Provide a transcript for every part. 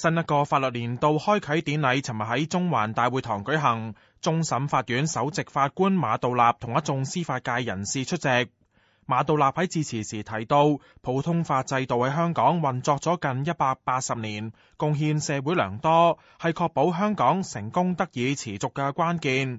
新一個法律年度開啓典禮，尋日喺中環大會堂舉行，終審法院首席法官馬道立同一眾司法界人士出席。馬道立喺致辭時提到，普通法制度喺香港運作咗近一百八十年，貢獻社會良多，係確保香港成功得以持續嘅關鍵。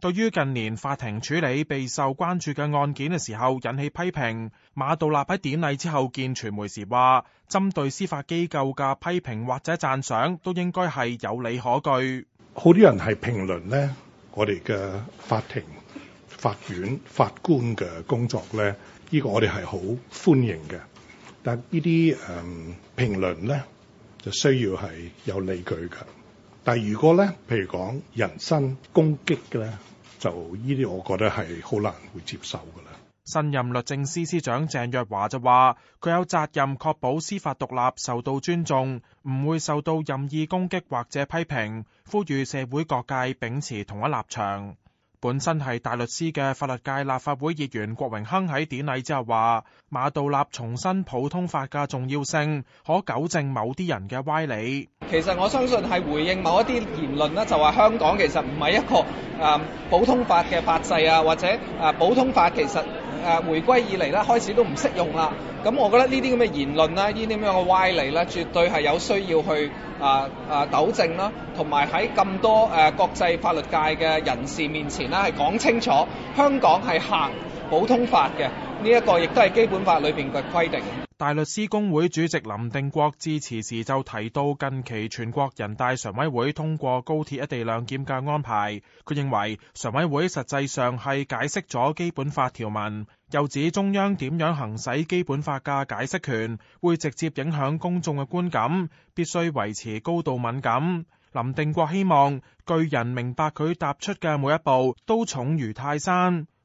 對於近年法庭處理備受關注嘅案件嘅時候引起批評，馬道立喺典禮之後見傳媒時話：「針對司法機構嘅批評或者讚賞，都應該係有理可據。好多人係評論呢，我哋嘅法庭、法院、法官嘅工作呢，呢、呢個我哋係好歡迎嘅。但呢啲誒評論呢，就需要係有理據嘅，但如果咧，譬如講人身攻擊嘅咧，就呢啲我覺得係好難會接受㗎啦。新任律政司司長鄭若驊就話，佢有責任確保司法獨立受到尊重，唔會受到任意攻擊或者批評，呼籲社會各界秉持同一立場。本身係大律師嘅法律界立法會議員郭榮鏗喺典禮之後話，馬道立重申普通法嘅重要性，可糾正某啲人嘅歪理。其實我相信係回應某一啲言論啦，就話香港其實唔係一個誒普通法嘅法制啊，或者誒普通法其實。誒回歸以嚟咧，開始都唔適用啦。咁我覺得呢啲咁嘅言論啦，呢啲咁樣嘅歪理咧，絕對係有需要去啊啊糾正啦，同埋喺咁多誒國際法律界嘅人士面前咧，係講清楚香港係行普通法嘅。呢一個亦都係基本法裏邊嘅規定。大律師公會主席林定國致辭時就提到，近期全國人大常委會通過高鐵一地兩檢嘅安排，佢認為常委會實際上係解釋咗基本法條文，又指中央點樣行使基本法嘅解釋權，會直接影響公眾嘅觀感，必須維持高度敏感。林定國希望巨人明白佢踏出嘅每一步都重如泰山。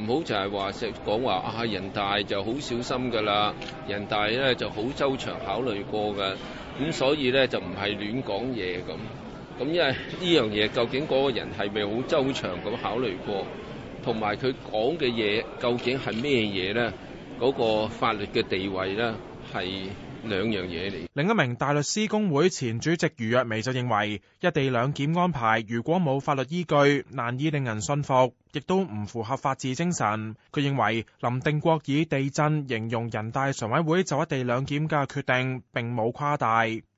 唔好就係話成講話啊！人大就好小心㗎啦，人大咧就好周詳考慮過㗎，咁所以咧就唔係亂講嘢咁。咁因為呢樣嘢究竟嗰個人係咪好周詳咁考慮過，同埋佢講嘅嘢究竟係咩嘢咧？嗰個法律嘅地位咧係。兩樣嘢嚟。另一名大律師公會前主席余若薇就認為，一地兩檢安排如果冇法律依據，難以令人信服，亦都唔符合法治精神。佢認為林定國以地震形容人大常委會就一地兩檢嘅決定並冇誇大。